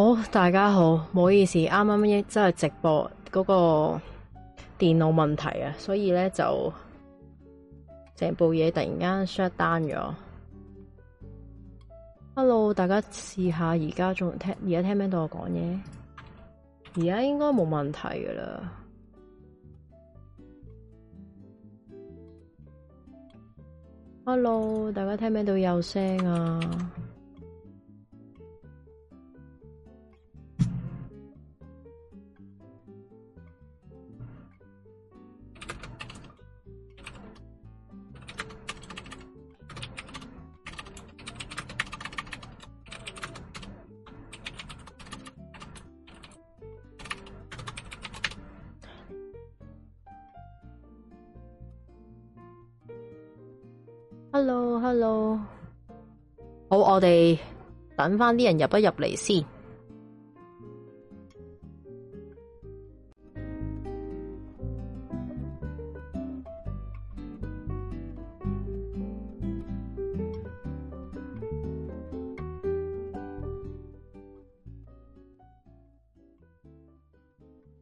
好、oh，大家好，唔好意思，啱啱一真係直播嗰個電腦問題啊，所以咧就成部嘢突然間 shut down 咗。Hello，大家試下而家仲聽，而家聽唔聽到我講嘢？而家應該冇問題噶啦。Hello，大家聽唔聽到有聲啊？Hello，Hello，hello. 好，我哋等翻啲人入一入嚟先。嘩，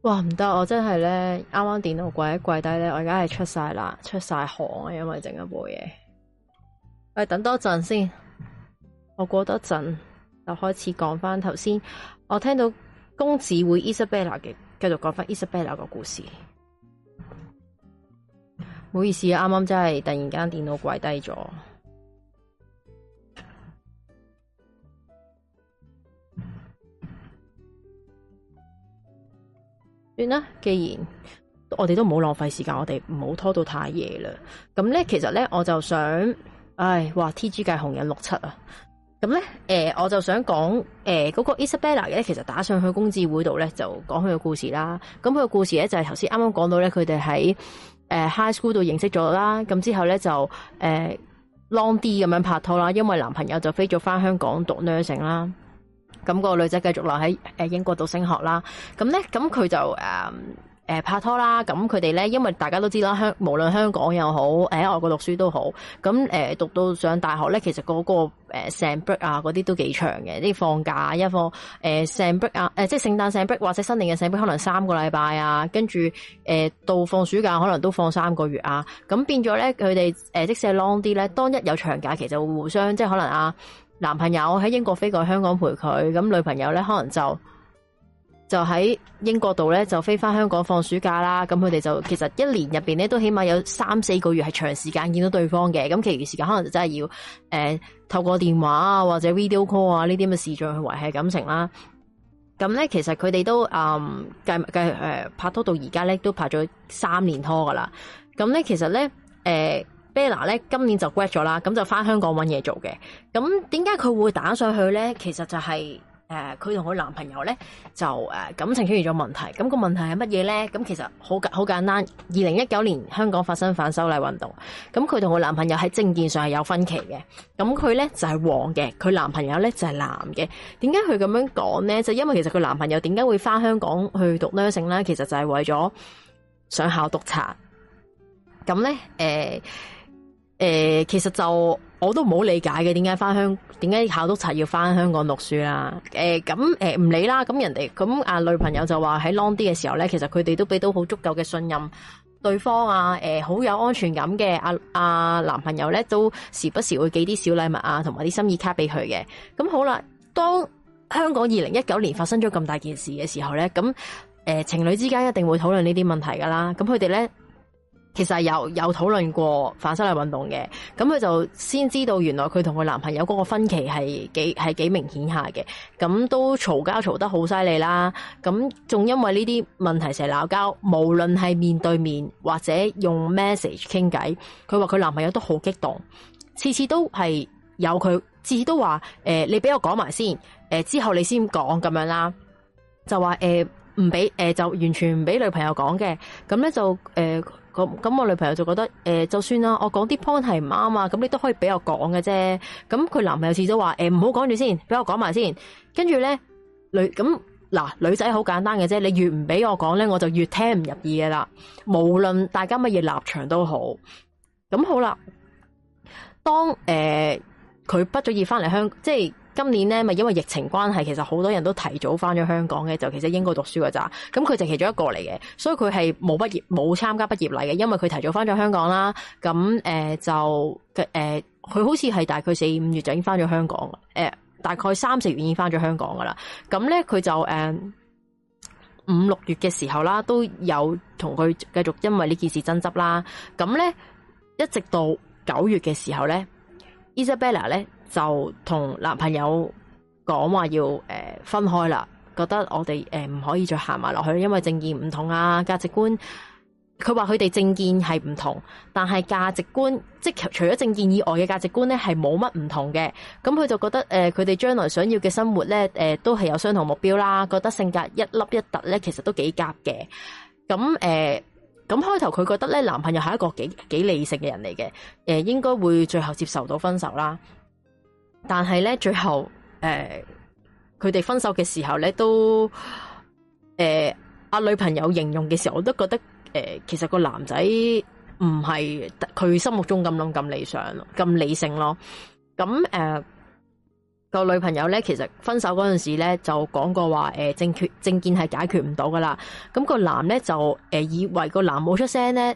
哇唔得，我真係咧，啱啱電腦跪一跪低咧，我而家係出晒啦，出晒汗啊，因為整一部嘢。等多陣先，我過多陣就開始講返頭先。我聽到公子會 Isabella 嘅，繼續講返 Isabella 個故事。唔好意思啊，啱啱真係突然間電腦跪低咗。算啦，既然我哋都唔好浪費時間，我哋唔好拖到太夜啦。咁咧，其實咧，我就想。唉，哇！T.G. 界紅人六七啊，咁咧，誒、呃，我就想講，誒、呃，嗰、那個 Isabella 嘅，其實打上去公智會度咧，就講佢嘅故事啦。咁佢嘅故事咧就係頭先啱啱講到咧，佢哋喺誒 High School 度認識咗啦，咁之後咧就誒、呃、long D 咁樣拍拖啦，因為男朋友就飛咗返香港讀 nursing 啦，咁、那個女仔繼續留喺誒英國度升學啦，咁咧咁佢就誒。嗯誒拍拖啦，咁佢哋咧，因為大家都知啦，香無論香港又好，誒喺外國讀書都好，咁誒讀到上大學咧，其實嗰、嗰個誒 sem break 啊，嗰啲都幾長嘅，啲放假一放誒 sem break 啊，即係聖誕 sem break 或者新年嘅 sem break，可能三個禮拜啊，跟住誒到放暑假可能都放三個月啊，咁變咗咧佢哋即使係 long 啲咧，當一有長假期就互相即係可能啊男朋友喺英國飛過香港陪佢，咁女朋友咧可能就。就喺英國度咧，就飛翻香港放暑假啦。咁佢哋就其實一年入邊咧，都起碼有三四個月係長時間見到對方嘅。咁其餘時間可能就真係要誒、呃、透過電話啊或者 video call 啊呢啲咁嘅視像去維繫感情啦。咁咧其實佢哋都嗯計計誒拍拖到而家咧都拍咗三年拖噶啦。咁咧其實咧誒、呃、Bella 咧今年就 grad 咗啦，咁就翻香港搵嘢做嘅。咁點解佢會打上去咧？其實就係、是。誒、呃，佢同佢男朋友呢，就誒感、呃、情出現咗問題，咁、那個問題係乜嘢呢？咁其實好好簡單。二零一九年香港發生反修例運動，咁佢同佢男朋友喺政見上係有分歧嘅。咁佢呢，就係、是、黃嘅，佢男朋友呢，就係藍嘅。點解佢咁樣講呢？就是、因為其實佢男朋友點解會翻香港去讀 nursing 呢？其實就係為咗想考督察。咁呢，誒、呃、誒、呃，其實就。我都唔好理解嘅，點解翻香？點解考督察要翻香港讀書啦？誒、呃，咁誒唔理啦。咁、呃、人哋咁女朋友就話喺 long 啲嘅時候咧，其實佢哋都俾到好足夠嘅信任對方啊。誒、呃，好有安全感嘅啊，啊男朋友咧，都時不時會寄啲小禮物啊，同埋啲心意卡俾佢嘅。咁好啦，當香港二零一九年發生咗咁大件事嘅時候咧，咁誒、呃、情侶之間一定會討論呢啲問題噶啦。咁佢哋咧。其實有有討論過反修例運動嘅，咁佢就先知道原來佢同佢男朋友嗰個分歧係幾係幾明顯下嘅，咁都嘈交嘈得好犀利啦。咁仲因為呢啲問題成日鬧交，無論係面對面或者用 message 傾偈，佢話佢男朋友都好激動，次次都係有佢，次次都話、呃、你俾我講埋先，之後你先講咁樣啦，就話誒唔俾、誒、就完全唔俾女朋友講嘅，咁咧就、呃咁咁，我女朋友就覺得誒、呃，就算啦，我講啲 point 係唔啱啊，咁你都可以俾我講嘅啫。咁佢男朋友始終話，誒、呃，唔好講住先，俾我講埋先。跟住咧，女咁嗱、呃，女仔好簡單嘅啫，你越唔俾我講咧，我就越聽唔入耳嘅啦。無論大家乜嘢立場都好，咁好啦。當誒佢畢咗業翻嚟香港，即係。今年咧，咪因為疫情關係，其實好多人都提早翻咗香港嘅，就其實英國讀書㗎咋，咁佢就其中一個嚟嘅，所以佢係冇畢業冇參加畢業禮嘅，因為佢提早翻咗香港啦。咁誒、呃、就誒，佢、呃、好似係大概四五月就已經翻咗香港，誒、呃、大概三四月已經翻咗香港噶啦。咁咧佢就誒五六月嘅時候啦，都有同佢繼續因為呢件事爭執啦。咁咧一直到九月嘅時候咧，Isabella 咧，就同男朋友講話要誒分開啦，覺得我哋誒唔可以再行埋落去，因為政見唔同啊，價值觀。佢話佢哋政見係唔同，但係價值觀即除咗政見以外嘅價值觀咧，係冇乜唔同嘅。咁佢就覺得誒，佢哋將來想要嘅生活咧，誒都係有相同目標啦。覺得性格一凹一凸咧，其實都幾夾嘅。咁誒，咁開頭佢覺得咧，男朋友係一個幾幾理性嘅人嚟嘅，誒應該會最後接受到分手啦。但係咧，最後誒，佢、呃、哋分手嘅時候咧，都誒阿、呃、女朋友形容嘅時候，我都覺得誒、呃，其實個男仔唔係佢心目中咁諗咁理想咁理性咯。咁誒個女朋友咧，其實分手嗰陣時咧，就講過話誒、呃，政決政見係解決唔到噶啦。咁個男咧就誒、呃、以為個男冇出聲咧，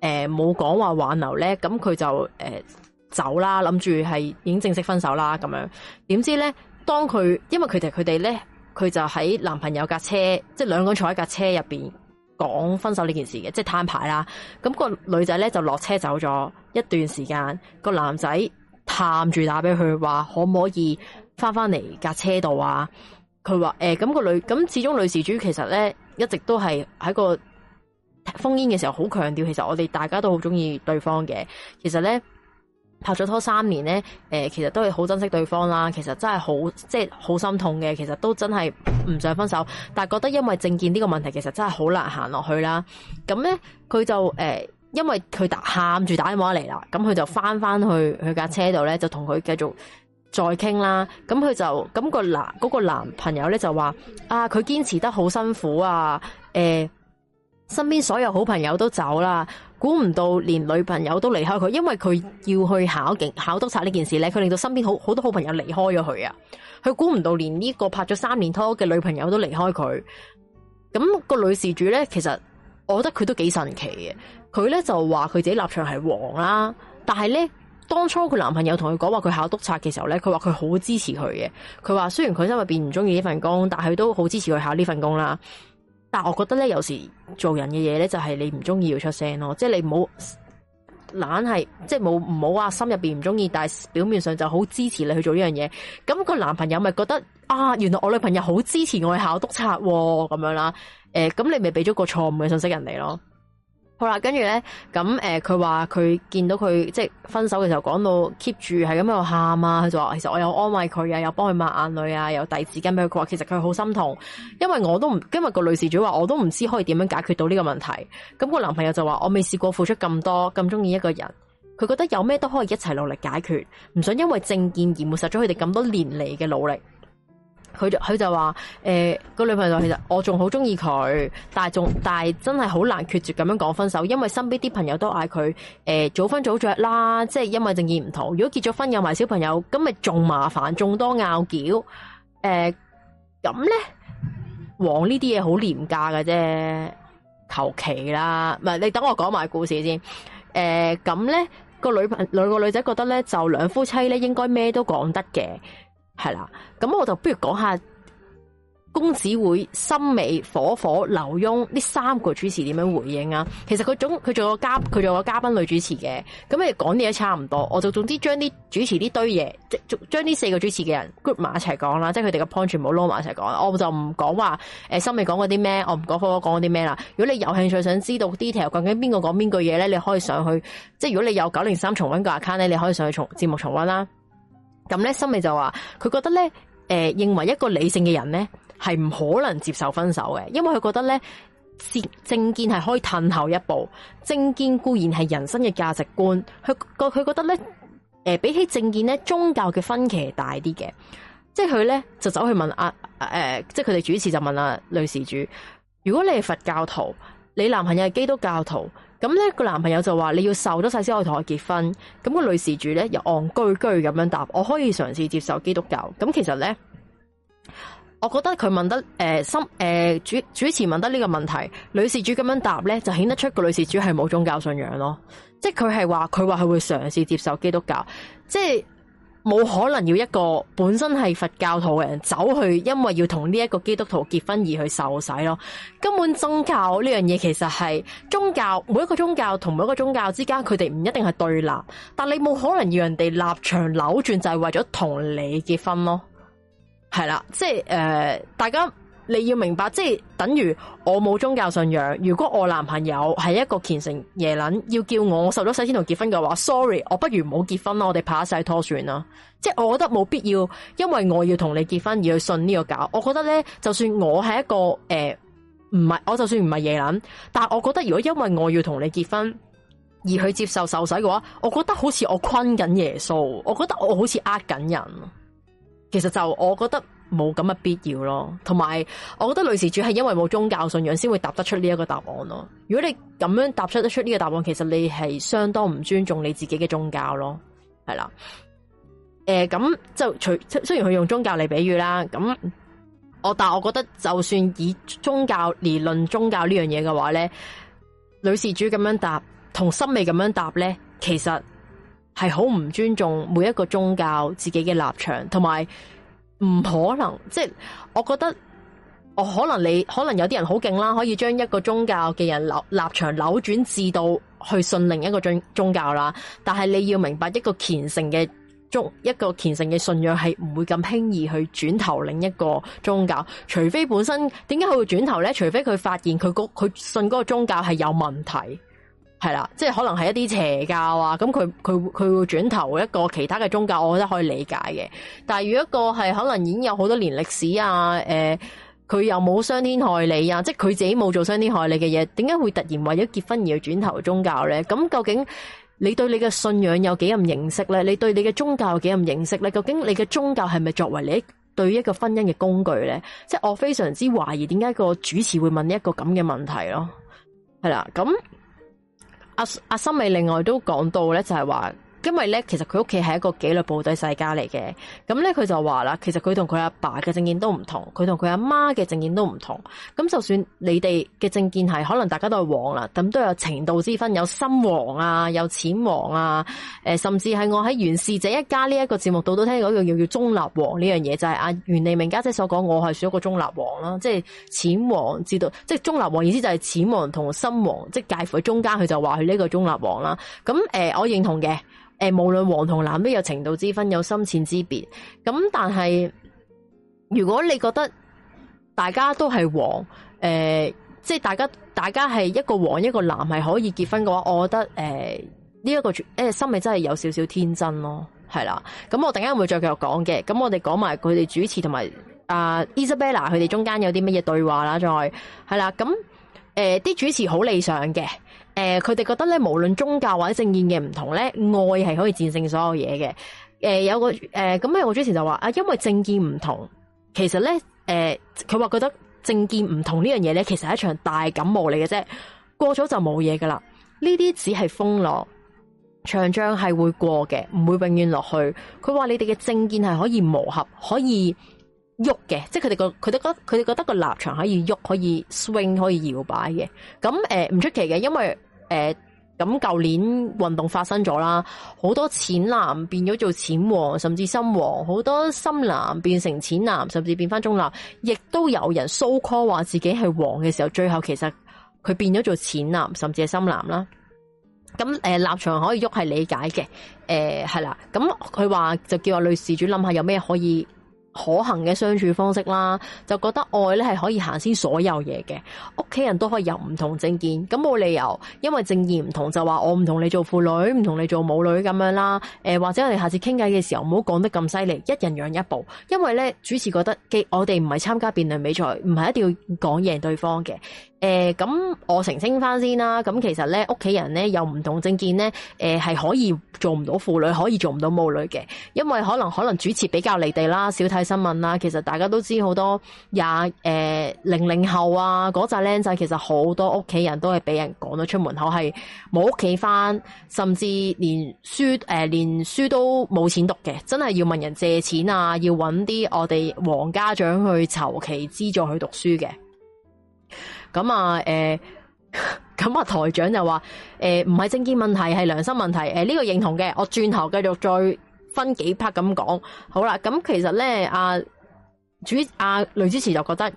誒冇講話挽留咧，咁佢就誒。呃走啦，諗住係已經正式分手啦咁樣。點知呢？當佢因為佢哋佢哋呢，佢就喺男朋友架車，即係兩個人坐喺架車入邊講分手呢件事嘅，即係攤牌啦。咁、個女仔呢，就落車走咗一段時間，個男仔探住打俾佢話可唔可以翻翻嚟架車度啊？佢話誒，咁、欸個女咁始終女事主其實呢，一直都係喺個封煙嘅時候好強調，其實我哋大家都好中意對方嘅。其實呢。拍咗拖三年咧，誒，其實都係好珍惜對方啦。其實真係好，即係好心痛嘅。其實都真係唔想分手，但係覺得因為政見呢個問題，其實真係好難行落去啦。咁咧，佢就誒、呃，因為佢打喊住打電話嚟啦，咁佢就翻翻去佢架車度咧，就同佢繼續再傾啦。咁佢就咁個男嗰個男朋友咧就話：，啊，佢堅持得好辛苦啊，誒、呃，身邊所有好朋友都走啦。估唔到連女朋友都離開佢，因為佢要去考警、考督察呢件事咧，佢令到身邊好好多好朋友離開咗佢啊！佢估唔到連呢個拍咗三年拖嘅女朋友都離開佢。咁個女事主咧，其實我覺得佢都幾神奇嘅。佢咧就話佢自己立場係黃啦，但係咧當初佢男朋友同佢講話佢考督察嘅時候咧，佢話佢好支持佢嘅。佢話雖然佢心入邊唔中意呢份工，但係都好支持佢考呢份工啦。但我覺得咧，有時做人嘅嘢咧，就係、是、你唔中意要出聲咯，即係你唔好懶係，即係冇唔好話心入邊唔中意，但係表面上就好支持你去做呢樣嘢。咁、那個男朋友咪覺得啊，原來我女朋友好支持我去考督察咁、啊、樣啦。誒、欸，咁你咪俾咗個錯誤嘅信息人哋咯。好啦，跟住咧，咁誒，佢話佢見到佢即係分手嘅時候，講到 keep 住係咁喺度喊啊，佢就話其實我有安慰佢啊，有幫佢抹眼淚啊，有遞紙巾俾佢，佢話其實佢好心痛，因為我都唔今日個女事主話我都唔知可以點樣解決到呢個問題，咁、個男朋友就話我未試過付出咁多咁中意一個人，佢覺得有咩都可以一齊努力解決，唔想因為政見而抹殺咗佢哋咁多年嚟嘅努力。佢就佢就話，誒，個女朋友，其實我仲好中意佢，但係仲但係真係好難決絕咁樣講分手，因為身邊啲朋友都嗌佢，誒早分早着啦，即係因為政見唔同。如果結咗婚有埋小朋友，咁咪仲麻煩，仲多拗撬誒。咁、呃、咧，黃呢啲嘢好廉價㗎啫，求其啦。唔係，你等我講埋故事先。誒、呃，咁咧個女朋，兩個女仔覺得咧，就兩夫妻咧應該咩都講得嘅。係啦，咁我就不如講下公子會、森美、火火、劉翁呢三個主持點樣回應啊？其實佢總佢做個嘉佢做個嘉賓女主持嘅，咁嚟講啲嘢差唔多。我就總之將啲主持呢堆嘢，即將呢四個主持嘅人 group 埋一齊講啦，即係佢哋嘅 point 全部撈埋一齊講。我就唔講話誒，森美講過啲咩，我唔講火火講過啲咩啦。如果你有興趣想知道 detail，究竟邊個講邊句嘢咧，你可以上去，即係如果你有九零三重溫個 account 咧，你可以上去重節目重溫啦。咁咧，森美就話，佢覺得咧，誒、呃，認為一個理性嘅人咧，係唔可能接受分手嘅，因為佢覺得咧，政政見係可以褪後一步，政見固然係人生嘅價值觀，佢覺佢覺得咧，誒、呃，比起政見咧，宗教嘅分歧係大啲嘅，即係佢咧就走去問阿、啊、誒、啊呃，即係佢哋主持就問啊，女事主，如果你係佛教徒，你男朋友係基督教徒？咁、那、咧個男朋友就話你要受咗晒先可以同我結婚。咁、那個女事主咧又戇居居咁樣答，我可以嘗試接受基督教。咁其實咧，我覺得佢問得誒、呃、心誒、呃、主主持問得呢個問題，女事主咁樣答咧就顯得出個女事主係冇宗教信仰咯。即係佢係話佢話佢會嘗試接受基督教，即係。冇可能要一個本身係佛教徒嘅人走去，因為要同呢一個基督徒結婚而去受洗咯。根本宗教呢樣嘢其實係宗教，每一個宗教同每一個宗教之間，佢哋唔一定係對立，但你冇可能要人哋立場扭轉，就係為咗同你結婚咯。係啦，即係誒、呃，大家。你要明白，即係等於我冇宗教信仰。如果我男朋友係一個虔誠耶撚，要叫我受咗洗先同你結婚嘅話，sorry，我不如唔好結婚啦，我哋拍晒拖算啦。即係我覺得冇必要，因為我要同你結婚而去信呢個教。我覺得呢，就算我係一個誒唔係，我就算唔係耶撚，但係我覺得如果因為我要同你結婚而去接受受洗嘅話，我覺得好似我昆緊耶穌，我覺得我好似呃緊人。其實就我覺得。冇咁嘅必要咯，同埋我覺得女事主係因為冇宗教信仰先會答得出呢一個答案咯。如果你咁樣答出得出呢個答案，其實你係相當唔尊重你自己嘅宗教咯，係啦。誒、呃，咁就除雖然佢用宗教嚟，比喻啦，咁我但係我覺得就算以宗教而論宗教呢樣嘢嘅話咧，女事主咁樣答，同心理咁樣答咧，其實係好唔尊重每一個宗教自己嘅立場，同埋。唔可能，即係我覺得，我可能你可能有啲人好勁啦，可以將一個宗教嘅人立立場扭轉至到去信另一個宗宗教啦。但係你要明白一個虔誠嘅宗一個虔誠嘅信仰係唔會咁輕易去轉投另一個宗教，除非本身點解佢會轉投咧？除非佢發現佢嗰佢信嗰個宗教係有問題。係啦，即係可能係一啲邪教啊，咁佢佢佢會轉投一個其他嘅宗教，我覺得可以理解嘅。但係如果一個係可能已經有好多年歷史啊，誒、呃，佢又冇傷天害理啊，即係佢自己冇做傷天害理嘅嘢，點解會突然為咗結婚而要轉投宗教咧？咁究竟你對你嘅信仰有幾咁認識咧？你對你嘅宗教有幾咁認識咧？究竟你嘅宗教係咪作為你對一個婚姻嘅工具咧？即、就、係、是、我非常之懷疑，點解個主持會問一個咁嘅問題咯？係啦，咁。阿阿森美另外都講到咧，就係話。因為咧，其實佢屋企係一個紀律部隊世家嚟嘅，咁咧佢就話啦，其實佢同佢阿爸嘅政見都唔同，佢同佢阿媽嘅政見都唔同。咁就算你哋嘅政見係，可能大家都係黃啦，咁都有程度之分，有深黃啊，有淺黃啊、呃。甚至係我喺《袁氏這一家》呢一個節目度都聽過一樣，又叫中立黃呢樣嘢，就係、是、阿、啊、袁利明家姐所講，我係選一個中立黃啦，即係淺黃至到即係中立黃，意思就係淺黃同深黃，即介乎喺中間，佢就話佢呢個中立黃啦。咁、呃、我認同嘅。誒，無論黃同藍都有程度之分，有深淺之別。咁但係，如果你覺得大家都係黃，誒、呃，即係大家大家係一個黃一個藍係可以結婚嘅話，我覺得誒呢一個誒、呃、心理真係有少少天真咯，係啦。咁我等陣間會再繼續講嘅。咁我哋講埋佢哋主持同埋啊 Isabella 佢哋中間有啲乜嘢對話啦，再係啦。咁。誒、呃，啲主持好理想嘅，誒、呃，佢哋覺得咧，無論宗教或者政見嘅唔同咧，愛係可以戰勝所有嘢嘅。誒、呃，有個誒，咁、呃、咧，有個主持就話啊，因為政見唔同，其實咧，誒、呃，佢話覺得政見唔同呢樣嘢咧，其實係一場大感冒嚟嘅啫，過咗就冇嘢噶啦。呢啲只係風浪，長將係會過嘅，唔會永遠落去。佢話你哋嘅政見係可以磨合，可以。喐嘅，即係佢哋個佢哋覺佢哋覺得個立場可以喐，可以 swing，可以搖擺嘅。咁誒唔出奇嘅，因為誒咁舊年運動發生咗啦，好多淺藍變咗做淺黃，甚至深黃，好多深藍變成淺藍，甚至變翻中藍。亦都有人 so call 話自己係黃嘅時候，最後其實佢變咗做淺藍，甚至係深藍啦。咁誒、呃、立場可以喐係理解嘅，誒係啦。咁佢話就叫阿女事主諗下有咩可以。可行嘅相處方式啦，就覺得愛咧係可以行先所有嘢嘅，屋企人都可以有唔同政見，咁冇理由因為政見唔同就話我唔同你做父女，唔同你做母女咁樣啦。誒、呃，或者我哋下次傾偈嘅時候，唔好講得咁犀利，一人讓一步，因為咧主持覺得我哋唔係參加辯論比賽，唔係一定要講贏對方嘅。誒、呃，咁我澄清翻先啦。咁其實咧，屋企人咧有唔同政見咧，誒係可以做唔到父女，可以做唔到母女嘅。因為可能可能主持比較離地啦，少睇新聞啦。其實大家都知好多廿誒零零後啊，嗰紮僆仔，其實好多屋企人都係俾人趕咗出門口，係冇屋企翻，甚至連書誒、呃、連書都冇錢讀嘅，真係要問人借錢啊，要搵啲我哋黃家長去籌期資助去讀書嘅。咁、嗯、啊，誒、嗯，咁、嗯、啊、嗯嗯嗯，台長就話，誒、嗯，唔係政見問題，係良心問題，誒、嗯，呢、這個認同嘅，我轉頭繼續再分幾 part 咁講，好啦，咁、嗯嗯、其實咧，阿、啊、主阿、啊、雷主持就覺得，誒、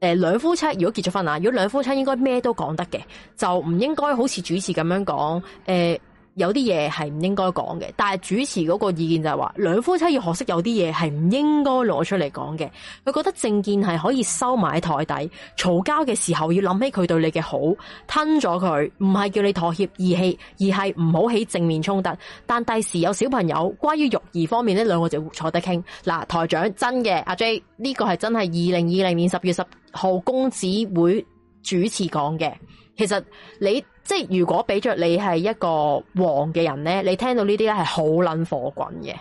嗯，兩夫妻如果結咗婚啊，如果兩夫妻應該咩都講得嘅，就唔應該好似主持咁樣講，誒、嗯。有啲嘢係唔應該講嘅，但係主持嗰個意見就係話，兩夫妻要學識有啲嘢係唔應該攞出嚟講嘅。佢覺得政見係可以收埋喺台底，嘈交嘅時候要諗起佢對你嘅好，吞咗佢，唔係叫你妥協、義氣，而係唔好起正面衝突。但第時有小朋友關於育兒方面，呢兩個就坐得傾。嗱，台長真嘅，阿 J 呢個係真係二零二零年十月十號公子會主持講嘅。其實你。即係如果俾着你係一個黃嘅人咧，你聽到呢啲咧係好撚火滾嘅。誒、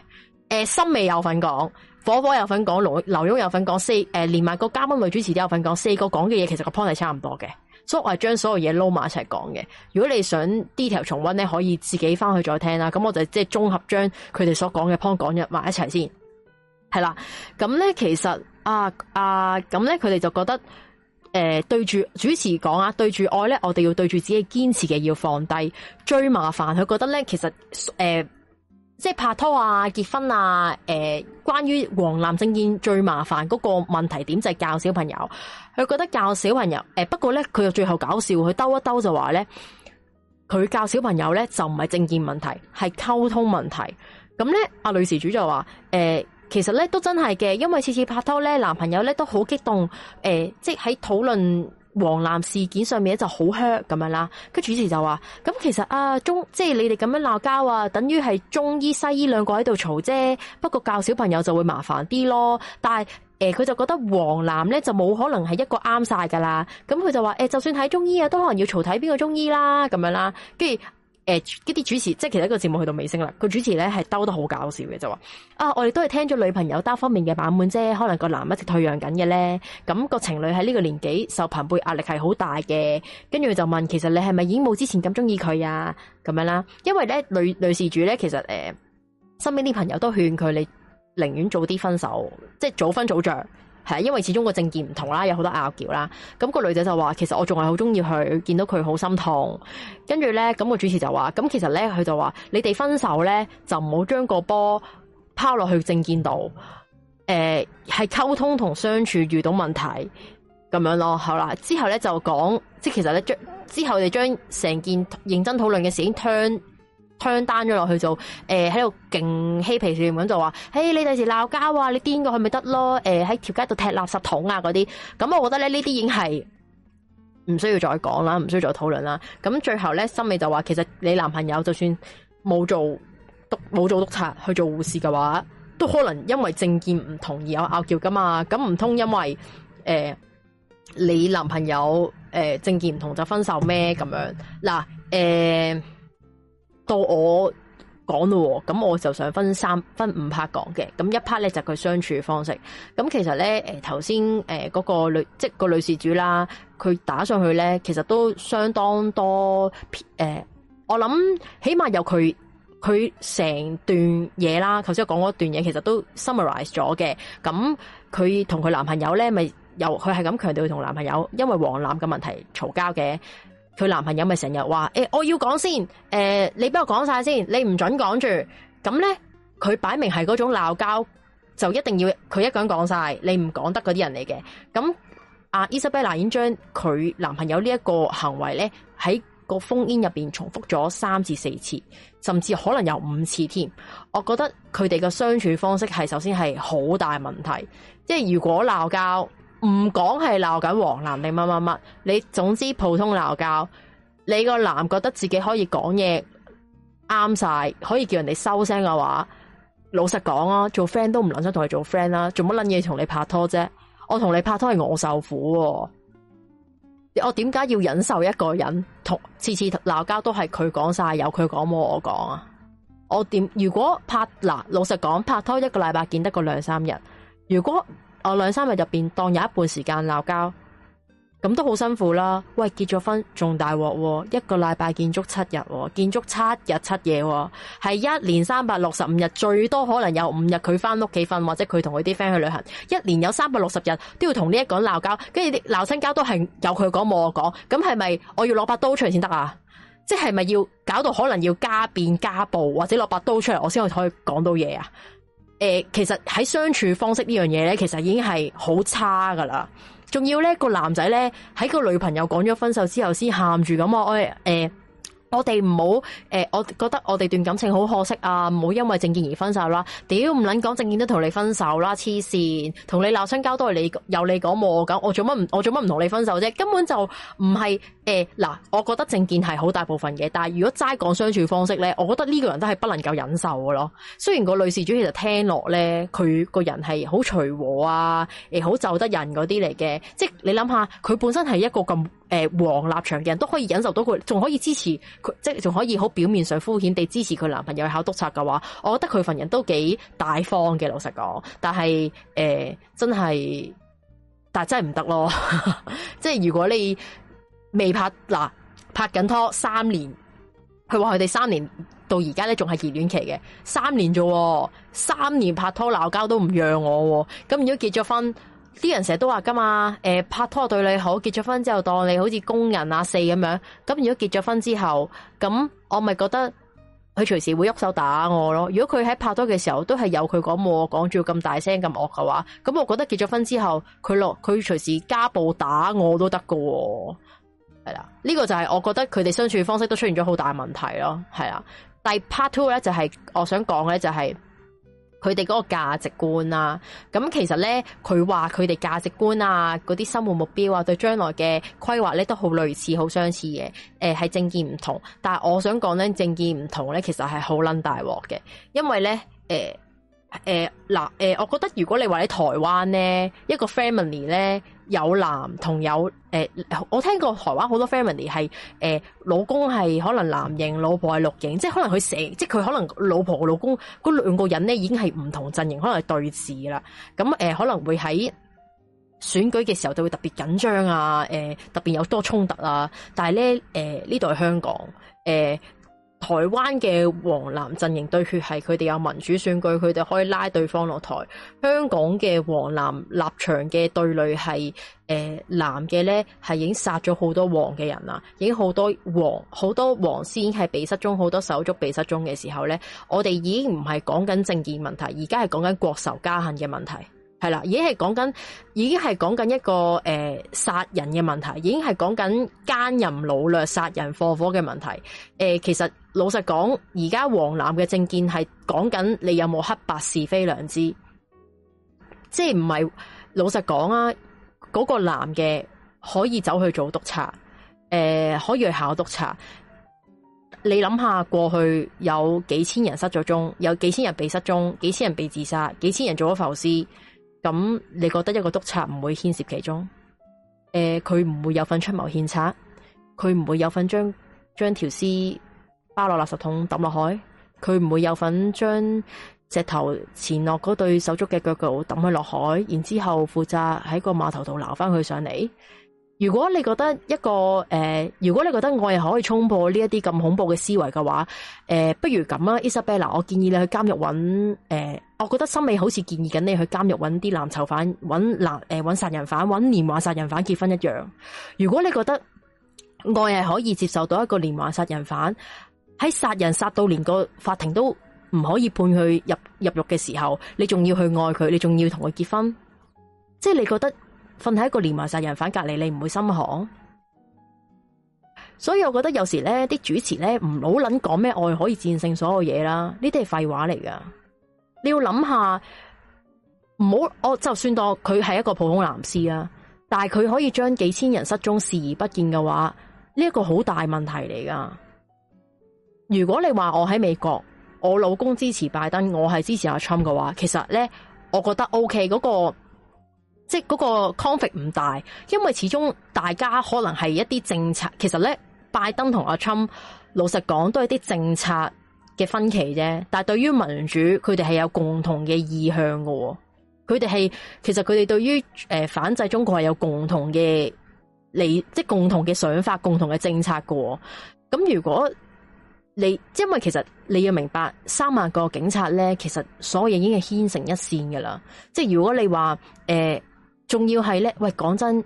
呃，心未有份講，火火有份講，劉劉墉有份講，四誒、呃、連埋個嘉賓女主持都有份講，四個講嘅嘢其實個 point 係差唔多嘅，所以我係將所有嘢撈埋一齊講嘅。如果你想 detail 重溫咧，可以自己翻去再聽啦。咁我就即係綜合將佢哋所講嘅 point 講入埋一齊先，係啦。咁咧其實啊啊，咁咧佢哋就覺得。誒、呃，對住主持講啊，對住愛咧，我哋要對住自己堅持嘅要放低。最麻煩佢覺得咧，其實誒，即、呃、係、就是、拍拖啊、結婚啊，誒、呃，關於黃藍政見最麻煩嗰個問題點就係、是、教小朋友。佢覺得教小朋友，誒、呃，不過咧，佢又最後搞笑，佢兜一兜就話咧，佢教小朋友咧就唔係政見問題，係溝通問題。咁咧，阿女事主就話，誒、呃。其實咧都真係嘅，因為次次拍拖咧，男朋友咧都好激動，呃、即係喺討論黃藍事件上面咧就好 hurt 咁樣啦。跟住主持就話，咁、嗯、其實啊中，即係你哋咁樣鬧交啊，等於係中醫西醫兩個喺度嘈啫。不過教小朋友就會麻煩啲咯。但係佢、呃、就覺得黃藍咧就冇可能係一個啱晒㗎啦。咁佢就話、呃：就算睇中醫啊，都可能要嘈睇邊個中醫啦，咁樣啦。跟住。誒、呃，一啲主持即係其他一個節目去到尾聲啦，個主持咧係兜得好搞笑嘅，就話啊，我哋都係聽咗女朋友單方面嘅版本啫，可能個男一直退讓緊嘅咧，咁、那個情侶喺呢個年紀受朋輩壓力係好大嘅，跟住就問其是是、啊，其實你係咪已經冇之前咁中意佢啊？咁樣啦，因為咧女女事主咧，其實誒，身邊啲朋友都勸佢，你寧願早啲分手，即係早分早着。」係啊，因為始終個政見唔同啦，有好多拗撬啦。咁、那個女仔就話，其實我仲係好中意佢，見到佢好心痛。跟住咧，咁、那個主持就話，咁其實咧，佢就話，你哋分手咧，就唔好將個波拋落去政見度。誒、呃，係溝通同相處遇到問題咁樣咯。好啦，之後咧就講，即係其實咧將之後你將成件認真討論嘅事 turn。槍單咗落去就誒喺度勁嬉皮笑面咁就話，誒、hey、你第時鬧交啊，你癲過去咪得咯？誒喺條街度踢垃圾桶啊嗰啲，咁我覺得咧呢啲已經係唔需要再講啦，唔需要再討論啦。咁最後咧森美就話，其實你男朋友就算冇做督冇做督察去做護士嘅話，都可能因為政見唔同而有拗撬噶嘛。咁唔通因為誒、呃、你男朋友誒、呃、政見唔同就分手咩？咁樣嗱誒。呃呃到我講咯，咁我就想分三分五 part 講嘅，咁一 part 咧就係佢相處方式。咁其實咧，頭先誒嗰個女，即個女事主啦，佢打上去咧，其實都相當多誒、呃。我諗起碼有佢佢成段嘢啦，頭先我講嗰段嘢，其實都 summarize 咗嘅。咁佢同佢男朋友咧，咪又佢係咁強調同男朋友因為黃藍嘅問題嘈交嘅。佢男朋友咪成日話誒，我要講先，誒、呃，你俾我講晒先，你唔准講住，咁呢，佢擺明係嗰種鬧交，就一定要佢一個人講晒，你唔講得嗰啲人嚟嘅。咁阿伊莎貝娜已經將佢男朋友呢一個行為呢喺個烽煙入邊重複咗三至四次，甚至可能有五次添。我覺得佢哋嘅相處方式係首先係好大問題，即係如果鬧交。唔講係鬧緊黃藍，你乜乜乜，你總之普通鬧交，你個男覺得自己可以講嘢啱晒，可以叫人哋收聲嘅話，老實講啊，做 friend 都唔捻想同你做 friend 啦，做乜捻嘢同你拍拖啫？我同你拍拖係我受苦，我點解要忍受一個人同次次鬧交都係佢講晒，由佢講冇我講啊？我點如果拍嗱老實講拍拖一個禮拜見得個兩三日，如果？我、哦、兩三日入邊當有一半時間鬧交，咁都好辛苦啦。喂，結咗婚仲大鑊，一個禮拜見足七日，見足七日七夜，係一年三百六十五日最多可能有五日佢翻屋企瞓，或者佢同佢啲 friend 去旅行。一年有三百六十日都要同呢一個人鬧交，跟住鬧親交都係有佢講，冇我講。咁係咪我要攞把刀出嚟先得啊？即係咪要搞到可能要家變家暴，或者攞把刀出嚟我先可以講到嘢啊？誒、欸，其實喺相處方式呢樣嘢咧，其實已經係好差噶啦，仲要咧個男仔咧喺個女朋友講咗分手之後先喊住咁啊，我、嗯、誒。欸欸。我哋唔好誒，我覺得我哋段感情好可惜啊，唔好因為政見而分手啦、啊。屌唔捻講政見都同你分手啦、啊，黐線，同你鬧親交都係你由你講，冇我講，我做乜唔我做乜唔同你分手啫、啊？根本就唔係誒嗱，我覺得政見係好大部分嘅，但係如果齋講相處方式咧，我覺得呢個人都係不能夠忍受㗎咯。雖然個女事主其實聽落咧，佢個人係好隨和啊，誒、欸、好就得人嗰啲嚟嘅，即係你諗下佢本身係一個咁。誒、呃，黃立場嘅人都可以忍受到佢，仲可以支持佢，即係仲可以好表面上敷衍地支持佢男朋友去考督察嘅話，我覺得佢份人都幾大方嘅。老實講，但係誒、呃，真係，但係真係唔得咯。即係如果你未拍嗱、啊、拍緊拖三年，佢話佢哋三年到而家咧仲係熱戀期嘅，三年啫，三年拍拖鬧交都唔讓我，咁如果結咗婚？啲人成日都話噶嘛，誒、欸、拍拖對你好，結咗婚之後當你好似工人阿四咁樣，咁如果結咗婚之後，咁我咪覺得佢隨時會喐手打我咯。如果佢喺拍拖嘅時候都係有佢講冇我講，仲要咁大聲咁惡嘅話，咁我覺得結咗婚之後，佢落佢隨時家暴打我都得噶，係啦。呢個就係我覺得佢哋相處方式都出現咗好大問題咯，係啦。但 part two 咧就係、是、我想講嘅就係、是。佢哋嗰個價值觀啊，咁其實呢，佢話佢哋價值觀啊，嗰啲生活目標啊，對將來嘅規劃呢，都好類似，好相似嘅。誒、呃，係政見唔同，但係我想講呢，政見唔同呢，其實係好撚大鑊嘅，因為呢，誒、呃，誒、呃，嗱、呃，誒、呃，我覺得如果你話喺台灣呢，一個 family 呢。有藍同有、呃、我聽過台灣好多 family 係、呃、老公係可能藍型，老婆係綠型，即可能佢成，即係佢可能老婆老公嗰兩個人咧已經係唔同陣營，可能係對峙啦。咁、呃、可能會喺選舉嘅時候就會特別緊張啊，呃、特別有多衝突啊。但係咧，呢度係、呃、香港、呃台灣嘅黃藍陣營對決係佢哋有民主選舉，佢哋可以拉對方落台。香港嘅黃藍立場嘅對壘係，誒、呃、藍嘅咧係已經殺咗好多黃嘅人啦，已經好多黃好多黃絲係被失蹤，好多手足被失蹤嘅時候咧，我哋已經唔係講緊政見問題，而家係講緊國仇家恨嘅問題。係啦，已經係講緊，已經係講緊一個誒殺、呃、人嘅問題，已經係講緊奸淫擄掠、殺人放火嘅問題。誒、呃，其實老實講，而家黃藍嘅政見係講緊你有冇黑白是非良知，即係唔係老實講啊。嗰、那個男嘅可以走去做督察，誒、呃、可以去考督察。你諗下，過去有幾千人失咗蹤，有幾千人被失蹤，幾千人被自殺，幾千人做咗浮屍。咁你覺得一個督察唔會牽涉其中？誒、呃，佢唔會有份出謀獻策，佢唔會有份將將條屍包落垃圾桶抌落海，佢唔會有份將石頭纏落嗰對手足嘅腳度抌去落海，然之後負責喺個碼頭度撈翻佢上嚟。如果你覺得一個誒、呃，如果你覺得愛係可以衝破呢一啲咁恐怖嘅思維嘅話，誒、呃，不如咁啦，Isabella，我建議你去監獄揾誒、呃，我覺得心理好似建議緊你去監獄揾啲男囚犯，揾男誒，揾、呃、殺人犯，揾連環殺人犯結婚一樣。如果你覺得愛係可以接受到一個連環殺人犯喺殺人殺到連個法庭都唔可以判佢入入獄嘅時候，你仲要去愛佢，你仲要同佢結婚，即係你覺得。瞓喺一個連環殺人犯隔籬，你唔會心寒。所以我覺得有時咧，啲主持咧唔好捻講咩愛可以戰勝所有嘢啦，呢啲係廢話嚟噶。你要諗下，唔好，我就算當佢係一個普通男士啦，但係佢可以將幾千人失蹤視而不見嘅話，呢、這、一個好大問題嚟噶。如果你話我喺美國，我老公支持拜登，我係支持阿 Trump 嘅話，其實咧，我覺得 O K 嗰個。即係嗰個 conflict 唔大，因為始終大家可能係一啲政策。其實咧，拜登同阿侵老實講，都係啲政策嘅分歧啫。但係對於民主，佢哋係有共同嘅意向喎。佢哋係其實佢哋對於誒、呃、反制中國係有共同嘅，你即係共同嘅想法、共同嘅政策喎。咁如果你，因為其實你要明白，三萬個警察咧，其實所有嘢已經係牽成一綫噶啦。即係如果你話誒。呃仲要係咧，喂，講真，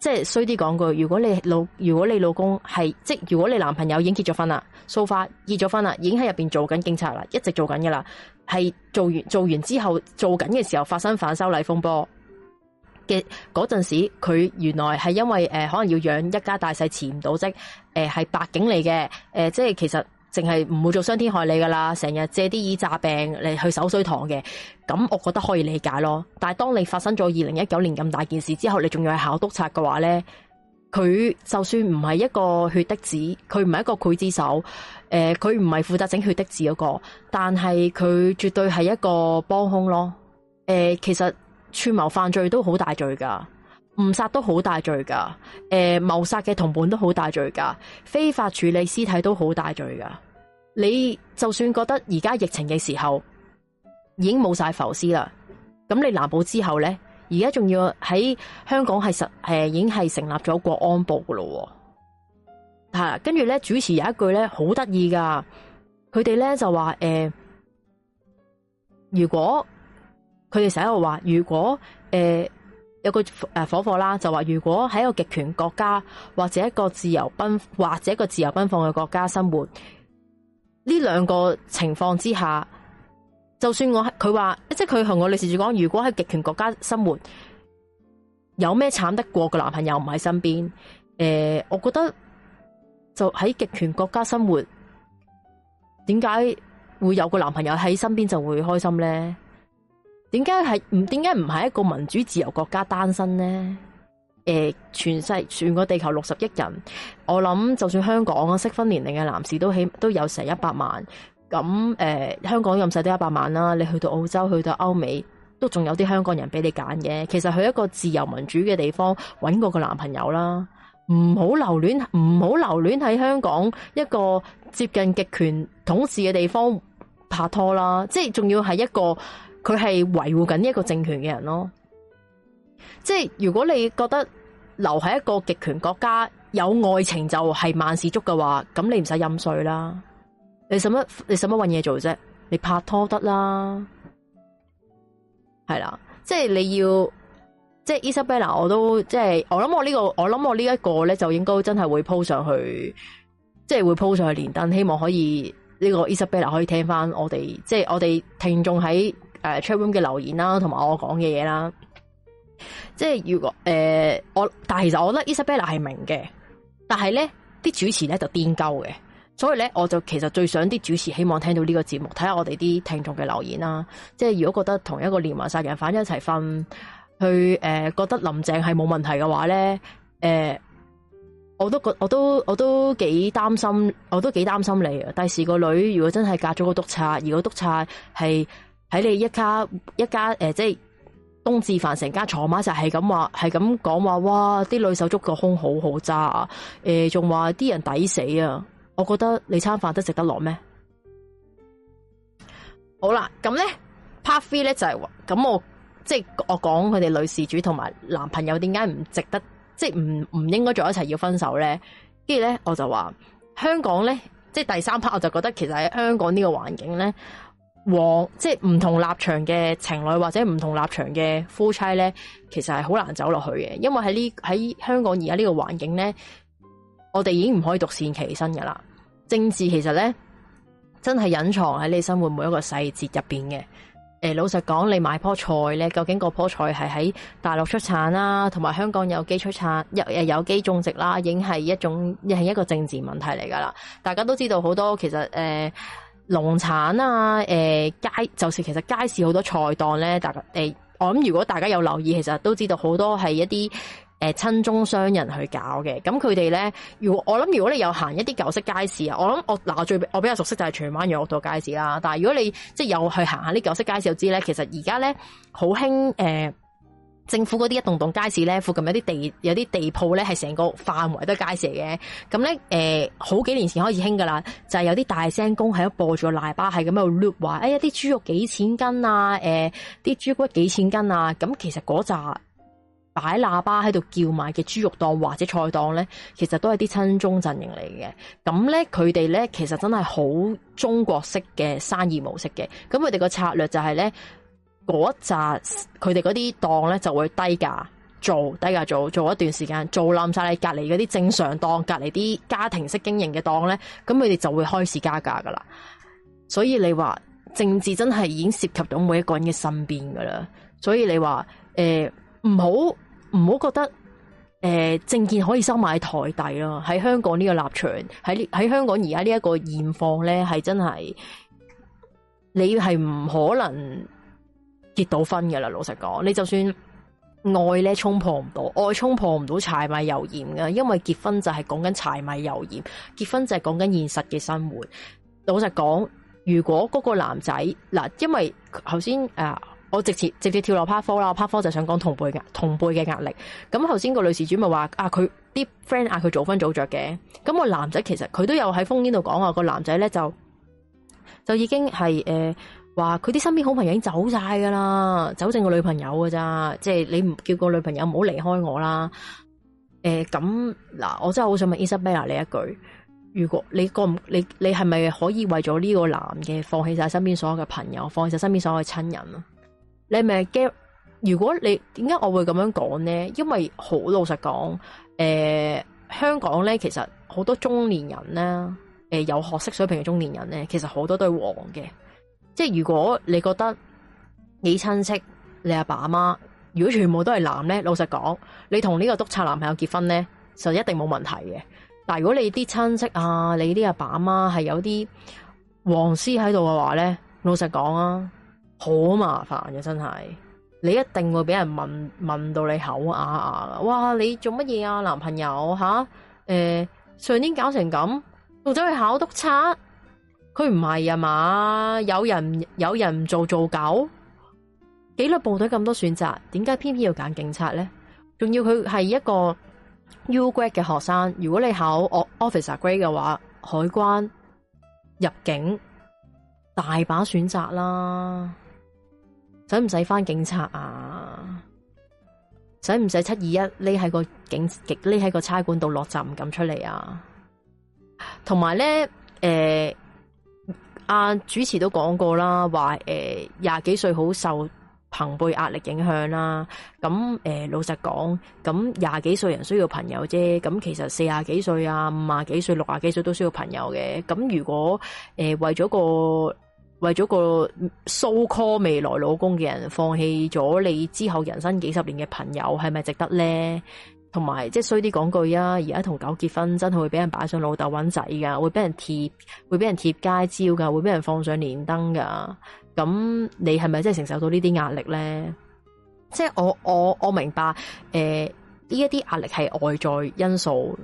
即係衰啲講句，如果你老，如果你老公係，即係如果你男朋友已經結咗婚啦，蘇發結咗婚啦，已經喺入邊做緊警察啦，一直做緊噶啦，係做完做完之後做緊嘅時候發生反修例風波嘅嗰陣時，佢原來係因為誒、呃、可能要養一家大細，辭唔到職，誒、呃、係白警嚟嘅，誒、呃、即係其實。淨係唔會做傷天害理噶啦，成日借啲耳詐病嚟去守水堂嘅，咁我覺得可以理解咯。但係當你發生咗二零一九年咁大件事之後，你仲要考督察嘅話呢，佢就算唔係一個血滴子，佢唔係一個劊子手，誒、呃，佢唔係負責整血滴子嗰、那個，但係佢絕對係一個幫兇咯。誒、呃，其實串謀犯罪都好大罪噶。誤殺都好大罪噶，誒謀殺嘅同伴，都好大罪噶，非法處理屍體都好大罪噶。你就算覺得而家疫情嘅時候已經冇晒浮屍啦，咁你南保之後咧，而家仲要喺香港係實誒已經係成立咗國安部噶咯，係跟住咧，主持有一句咧好得意噶，佢哋咧就話誒、呃、如果佢哋成日話如果誒。呃有個誒、火火啦，就話如果喺一個極權國家或者一個自由奔或者一個自由奔放嘅國家生活，呢兩個情況之下，就算我佢話，即係佢同我女事主講，如果喺極權國家生活，有咩慘得過個男朋友唔喺身邊？誒、呃，我覺得就喺極權國家生活，點解會有個男朋友喺身邊就會開心咧？點解係唔，點解唔係一個民主自由國家單身呢？誒，全世全個地球六十億人，我諗就算香港啊，適婚年齡嘅男士都起都有成一百萬，咁、嗯、誒，香港咁細都一百萬啦。你去到澳洲，去到歐美，都仲有啲香港人俾你揀嘅。其實去一個自由民主嘅地方，揾個個男朋友啦，唔好留戀，唔好留戀喺香港一個接近極權統治嘅地方拍拖啦。即係仲要係一個。佢係維護緊呢一個政權嘅人咯，即係如果你覺得留喺一個極權國家有愛情就係萬事足嘅話，咁你唔使飲水啦，你使乜你使乜搵嘢做啫？你拍拖得啦，係啦，即係你要，即係 Isabella，我都即係我諗我呢個我諗我呢一個咧就應該真係會 post 上去，即係會 post 上去連登，希望可以呢個 Isabella 可以聽翻我哋，即係我哋聽眾喺。誒、uh, chatroom 嘅留言啦，同埋我講嘅嘢啦，即係如果誒、呃、我，但係其實我覺得 Isabella 係明嘅，但係咧啲主持咧就癲鳩嘅，所以咧我就其實最想啲主持希望聽到呢個節目，睇下我哋啲聽眾嘅留言啦。即係如果覺得同一個連環殺人犯一齊瞓，去誒、呃、覺得林鄭係冇問題嘅話咧，誒、呃，我都覺我都我都幾擔心，我都幾擔心你啊。第時個女如果真係嫁咗個督察，如果督察係。喺你一家一家誒、呃，即係冬至飯，成家坐埋就係咁話，係咁講話，哇！啲女手足個胸好好揸，誒、呃，仲話啲人抵死啊！我覺得你餐飯都食得落咩？好啦，咁咧 part three 咧就係、是、咁、就是，我即係我講佢哋女事主同埋男朋友點解唔值得，即係唔唔應該再一齊要分手咧？跟住咧我就話香港咧，即係第三 part，我就覺得其實喺香港呢個環境咧。往即係唔同立場嘅情侶或者唔同立場嘅夫妻呢，其實係好難走落去嘅，因為喺呢喺香港而家呢個環境呢，我哋已經唔可以獨善其身噶啦。政治其實呢，真係隱藏喺你生活每一個細節入邊嘅。誒、欸，老實講，你買棵菜呢，究竟個棵菜係喺大陸出產啦，同埋香港有機出產、有誒有機種植啦，已經係一種係一個政治問題嚟噶啦。大家都知道好多其實誒。呃農產啊，誒街就係其實街市好多菜檔咧，大家誒，我諗如果大家有留意，其實都知道好多係一啲誒親中商人去搞嘅。咁佢哋咧，如果我諗如果你有行一啲舊式街市啊，我諗我嗱最我比較熟悉就係荃灣楊屋道街市啦。但係如果你即係有去行下啲舊式街市就知咧，其實而家咧好興誒。政府嗰啲一棟棟街市咧，附近有啲地有啲地鋪咧，係成個範圍都係街市嚟嘅。咁咧，誒、呃、好幾年前開始興㗎喇，就係、是、有啲大聲公喺度播住個喇叭，係咁喺度 loop 話，誒一啲豬肉幾錢斤啊？誒、呃、啲豬骨幾錢斤啊？咁其實嗰紮擺喇叭喺度叫賣嘅豬肉檔或者菜檔咧，其實都係啲親中陣營嚟嘅。咁咧，佢哋咧其實真係好中國式嘅生意模式嘅。咁佢哋個策略就係、是、咧。嗰一扎佢哋嗰啲檔咧，就會低價做，低價做，做一段時間，做冧晒你隔離嗰啲正常檔，隔離啲家庭式經營嘅檔咧，咁佢哋就會開始加價噶啦。所以你話政治真係已經涉及到每一個人嘅身邊噶啦。所以你話誒唔好唔好覺得誒、欸、政見可以收埋台底咯。喺香港呢個立場，喺喺香港而家呢一個現況咧，係真係你係唔可能。結到婚嘅啦，老實講，你就算愛咧沖破唔到，愛沖破唔到柴米油鹽噶，因為結婚就係講緊柴米油鹽，結婚就係講緊現實嘅生活。老實講，如果嗰個男仔嗱，因為頭先誒，我直接直接跳落 Part 4啦，Part 4就係想講同輩嘅同輩嘅壓力。咁頭先個女事主咪話啊，佢啲 friend 嗌佢早婚早着嘅，咁、個男仔其實佢都有喺封面度講話，個男仔咧就就已經係誒。呃話佢啲身邊好朋友已經走晒噶啦，走剩個女朋友噶咋？即係你唔叫個女朋友唔好離開我啦。誒、呃，咁嗱，我真係好想問 Isabella 你一句：如果你個唔你你係咪可以為咗呢個男嘅放棄晒身邊所有嘅朋友，放棄晒身邊所有嘅親人啊？你係咪驚？如果你點解我會咁樣講咧？因為好老實講，誒、呃，香港咧其實好多中年人咧，誒有學識水平嘅中年人咧，其實好多都係黃嘅。即係如果你覺得你親戚、你阿爸阿媽如果全部都係男呢，老實講，你同呢個督察男朋友結婚呢，就一定冇問題嘅。但係如果你啲親戚啊，你啲阿爸阿媽係有啲黃絲喺度嘅話呢，老實講啊，好麻煩嘅，真係你一定會俾人問問到你口啞啞。哇，你做乜嘢啊，男朋友吓？誒、呃，上年搞成咁，仲走去考督察？佢唔係啊嘛，有人有人唔做做狗，紀律部隊咁多選擇，點解偏偏要揀警察咧？仲要佢係一個 U Grade 嘅學生，如果你考我 Officer Grade 嘅話，海關入境大把選擇啦，使唔使返警察啊？使唔使七二一匿喺個警極匿喺個差館度落閘唔敢出嚟啊？同埋咧，誒、欸。阿主持都講過啦，話誒廿幾歲好受朋輩壓力影響啦。咁誒、哎、老實講，咁廿幾歲人需要朋友啫。咁其實四廿幾歲啊，五廿幾歲、六廿幾歲都需要朋友嘅。咁如果誒、哎、為咗個為咗個蘇、so、call 未來老公嘅人，放棄咗你之後人生幾十年嘅朋友，係咪值得呢？同埋即係衰啲講句啊，而家同狗結婚真係會俾人擺上老豆揾仔噶，會俾人貼，會俾人貼街招噶，會俾人放上連登噶。咁你係咪真係承受到呢啲壓力呢？即係我我我明白，誒呢一啲壓力係外在因素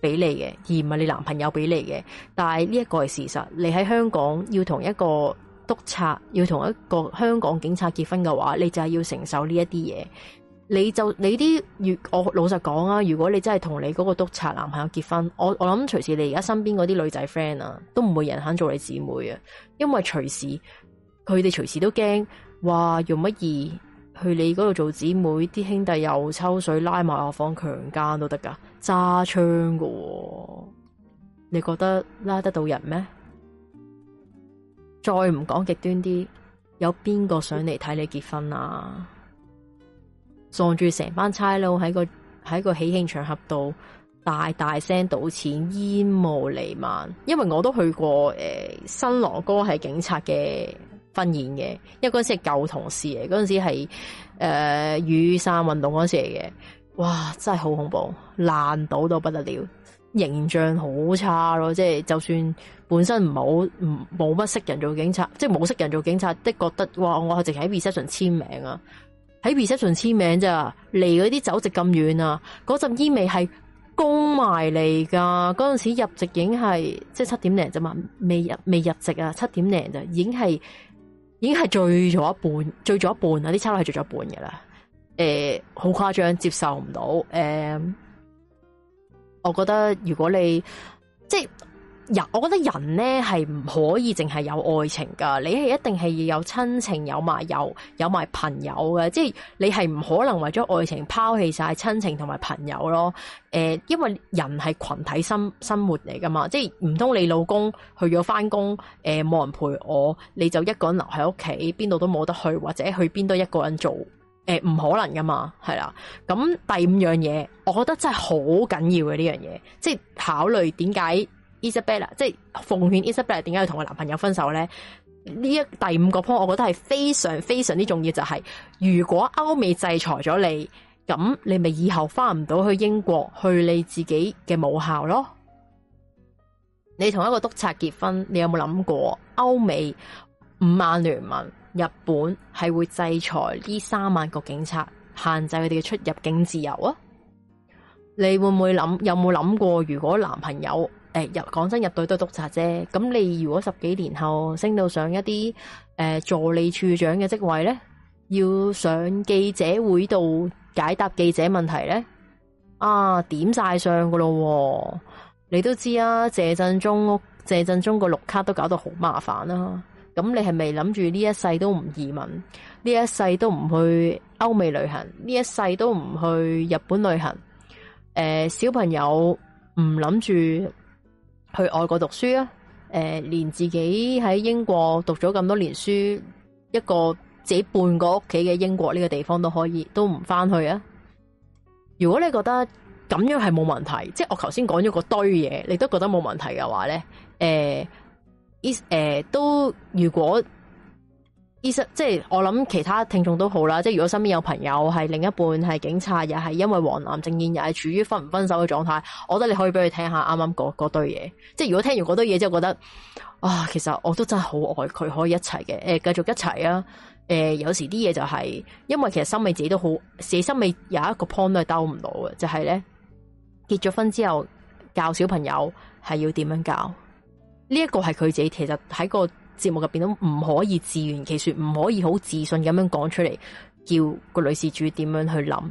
俾你嘅，而唔係你男朋友俾你嘅。但係呢一個係事實，你喺香港要同一個督察，要同一個香港警察結婚嘅話，你就係要承受呢一啲嘢。你就你啲，我老實講啊，如果你真係同你嗰個督察男朋友結婚，我我諗隨時你而家身邊嗰啲女仔 friend 啊，都唔會人肯做你姊妹啊，因為隨時佢哋隨時都驚，話容乜易，去你嗰度做姊妹，啲兄弟又抽水拉埋我房強姦都得噶，揸槍噶，你覺得拉得到人咩？再唔講極端啲，有邊個想嚟睇你結婚啊？撞住成班差佬喺個喺個喜慶場合度大大聲賭錢，煙霧彌漫。因為我都去過，誒、呃、新郎哥係警察嘅婚宴嘅，因為嗰陣時係舊同事嚟，嗰陣時係誒、呃、雨傘運動嗰陣時嚟嘅。哇，真係好恐怖，爛賭到不得了，形象好差咯。即、就、係、是、就算本身唔好，唔冇乜識人做警察，即係冇識人做警察，的覺得哇，我係直情喺 reception 簽名啊。喺 reception 簽名咋離，嗰啲酒席咁遠啊？嗰陣煙味係供埋嚟噶，嗰陣時入席已經係即係七點零啫嘛，未入未入席啊，七點零啫，已經係已經係醉咗一半，醉咗一半啊，啲差佬係醉咗一半噶啦，誒、呃，好誇張，接受唔到，誒、呃，我覺得如果你即係。我覺得人呢係唔可以淨係有愛情噶，你係一定係要有親情，有埋友、有埋朋友嘅，即係你係唔可能為咗愛情拋棄晒親情同埋朋友咯。誒，因為人係群體生生活嚟噶嘛，即係唔通你老公去咗翻工，誒、呃、冇人陪我，你就一個人留喺屋企，邊度都冇得去，或者去邊都一個人做，誒、呃、唔可能噶嘛，係啦。咁第五樣嘢，我覺得真係好緊要嘅呢樣嘢，即係考慮點解。Isabella，即係奉勸 Isabella 點解要同佢男朋友分手咧？呢一第五個 point，我覺得係非常非常之重要的，就是，就係如果歐美制裁咗你，咁你咪以後翻唔到去英國去你自己嘅母校咯。你同一個督察結婚，你有冇諗過歐美、五萬聯盟、日本係會制裁呢三萬個警察，限制佢哋嘅出入境自由啊？你會唔會諗？有冇諗過如果男朋友？入講真，入隊都督察啫。咁你如果十幾年後升到上一啲誒、呃、助理處長嘅職位呢，要上記者會度解答記者問題呢？啊，點晒相噶咯？你都知啊，謝振中謝振中個綠卡都搞到好麻煩啦、啊。咁你係咪諗住呢一世都唔移民？呢一世都唔去歐美旅行？呢一世都唔去日本旅行？誒、呃，小朋友唔諗住。去外國讀書啊！誒、呃，連自己喺英國讀咗咁多年書，一個自己半個屋企嘅英國呢個地方都可以，都唔返去啊！如果你覺得咁樣係冇問題，即係我頭先講咗個堆嘢，你都覺得冇問題嘅話咧，誒、呃、誒、呃，都如果。其實即係我諗其他聽眾都好啦，即係如果身邊有朋友係另一半係警察，又係因為黃藍政見，又係處於分唔分手嘅狀態，我覺得你可以俾佢聽一下啱啱嗰堆嘢。即係如果聽完嗰堆嘢之後，就覺得啊，其實我都真係好愛佢，可以一齊嘅。誒、呃，繼續一齊啊。誒、呃，有時啲嘢就係、是，因為其實心美自己都好，寫心美有一個 point 都係兜唔到嘅，就係、是、咧結咗婚之後教小朋友係要點樣教呢、這個、一個係佢自己，其實喺個。節目入邊都唔可以自圓其說，唔可以好自信咁樣講出嚟，叫個女事主點樣去諗，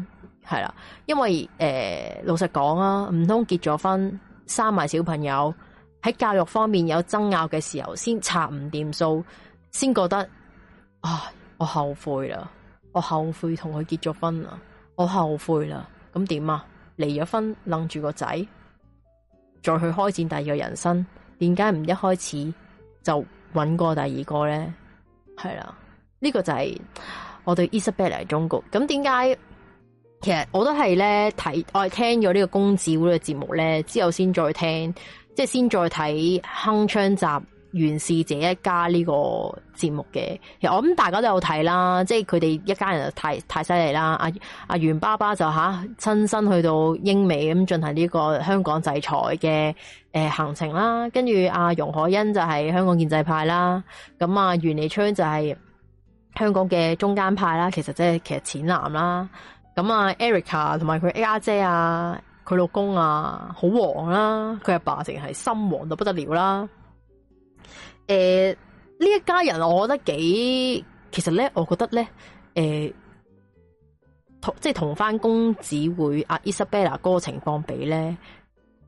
係啦。因為誒老實講啊，唔通結咗婚，生埋小朋友，喺教育方面有爭拗嘅時候，先拆唔掂數，先覺得啊，我後悔啦，我後悔同佢結咗婚啦，我後悔啦。咁點啊？離咗婚，拎住個仔，再去開展第二個人生，點解唔一開始就？揾過第二個咧，係啦，呢個就係我對 establish 中國咁點解？其實我都係咧睇，我係聽咗呢個公子會嘅節目咧之後先再聽，即係先再睇鏗鏘集。袁氏這一家呢個節目嘅，其實我諗大家都有睇啦，即係佢哋一家人太太犀利啦。阿、啊、阿、啊、袁爸爸就吓親、啊、身去到英美咁進行呢個香港制裁嘅誒、呃、行程啦，跟住阿容可欣就係香港建制派啦，咁啊袁利昌就係香港嘅中間派啦，其實即、就、係、是、其實淺藍啦，咁啊 Erica 同埋佢家姐啊，佢老公啊，好黃啦，佢阿爸成係心黃到不得了啦。誒，呢一家人我覺得幾，其實咧，我覺得咧，誒、uh，即同即係同翻公子會阿 Isabella 個個情況比咧，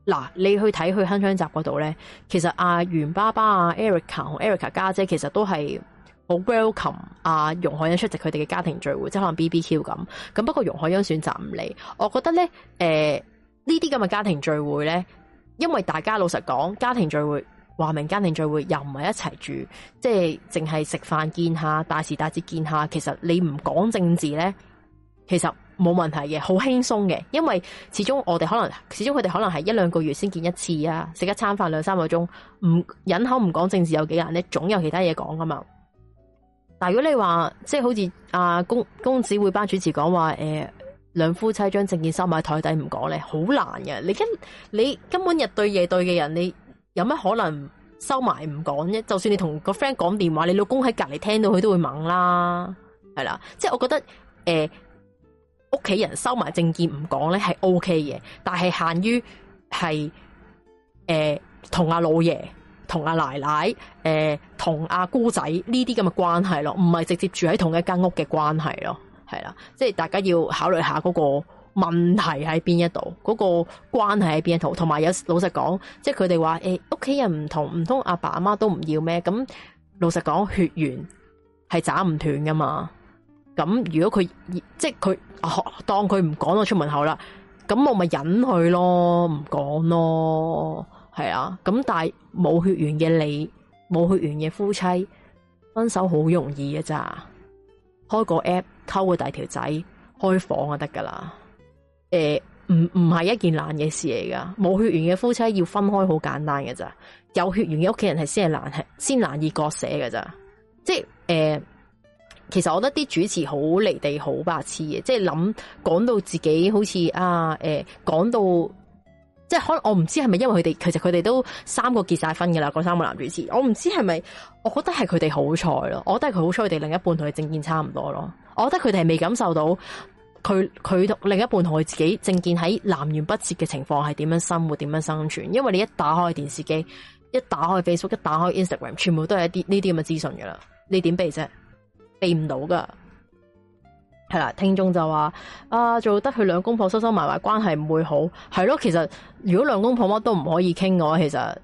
嗱，你去睇去《鏗鏘集》嗰度咧，其實阿、啊、袁爸爸啊 Erica 同 Erica 家姐，姐其實都係好 welcome 阿容海恩出席佢哋嘅家庭聚會，即係可能 BBQ 咁，咁不過容海恩選擇唔嚟，我覺得咧，誒，呢啲咁嘅家庭聚會咧，因為大家老實講，家庭聚會。話明家庭聚會又唔係一齊住，即係淨係食飯見下，大時大節見下，其實你唔講政治咧，其實冇問題嘅，好輕鬆嘅，因為始終我哋可能始終佢哋可能係一兩個月先見一次啊，食一餐飯兩三個鐘，唔忍口唔講政治有幾難咧，總有其他嘢講噶嘛。但如果你話即係好似阿、啊、公公子會班主持講話，誒、欸、兩夫妻將政見收埋喺台底唔講咧，好難嘅，你根你根本日對夜對嘅人你。有咩可能收埋唔講啫？就算你同個 friend 講電話，你老公喺隔籬聽到佢都會嬲啦，係啦。即係我覺得，誒、呃，屋企人收埋政見唔講咧係 O K 嘅，但係限於係誒同阿老爺、同阿奶奶、誒同阿姑仔呢啲咁嘅關係咯，唔係直接住喺同一間屋嘅關係咯，係啦。即係大家要考慮下嗰、那個。問題喺邊一度？嗰、那個關係喺邊度？同埋有，有老實講，即係佢哋話誒，屋、欸、企人唔同，唔通，阿爸阿媽都唔要咩？咁老實講，血緣係斬唔斷噶嘛？咁如果佢即係佢、啊、當佢唔講到出門口啦，咁我咪忍佢咯，唔講咯，係啊？咁但係冇血緣嘅你，冇血緣嘅夫妻分手好容易㗎咋？開個 app 偷個大條仔開房就得噶啦～誒、呃，唔唔係一件難嘅事嚟噶，冇血緣嘅夫妻要分開好簡單嘅咋，有血緣嘅屋企人係先係難，先難以割捨嘅咋。即係誒、呃，其實我覺得啲主持好離地，好白痴嘅，即係諗講到自己好似啊，誒、呃，講到即係可能我唔知係咪因為佢哋，其實佢哋都三個結晒婚噶啦，嗰三個男主持，我唔知係咪，我覺得係佢哋好彩咯，我覺得係佢好彩，佢哋另一半同佢政見差唔多咯，我覺得佢哋係未感受到。佢佢同另一半同佢自己政見喺南轅北轍嘅情況係點樣生活，點樣生存？因為你一打開電視機，一打開 Facebook，一打開 Instagram，全部都係一啲呢啲咁嘅資訊噶啦。你點避啫？避唔到噶係啦。聽眾就話啊，做得佢兩公婆收收埋埋，關係唔會好係咯。其實如果兩公婆乜都唔可以傾嘅話，其實